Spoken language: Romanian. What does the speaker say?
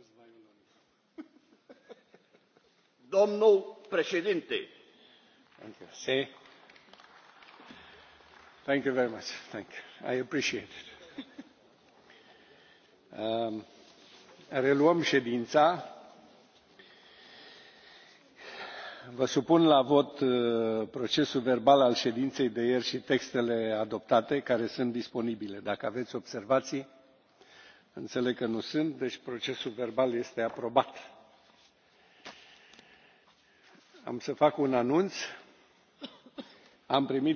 Domnul președinte. Thank you. See? Thank you very much. Thank you. I appreciate it. Um, reluăm ședința. Vă supun la vot uh, procesul verbal al ședinței de ieri și textele adoptate care sunt disponibile. Dacă aveți observații, înțeleg că nu sunt deci procesul verbal este aprobat. am să fac un anunț am primit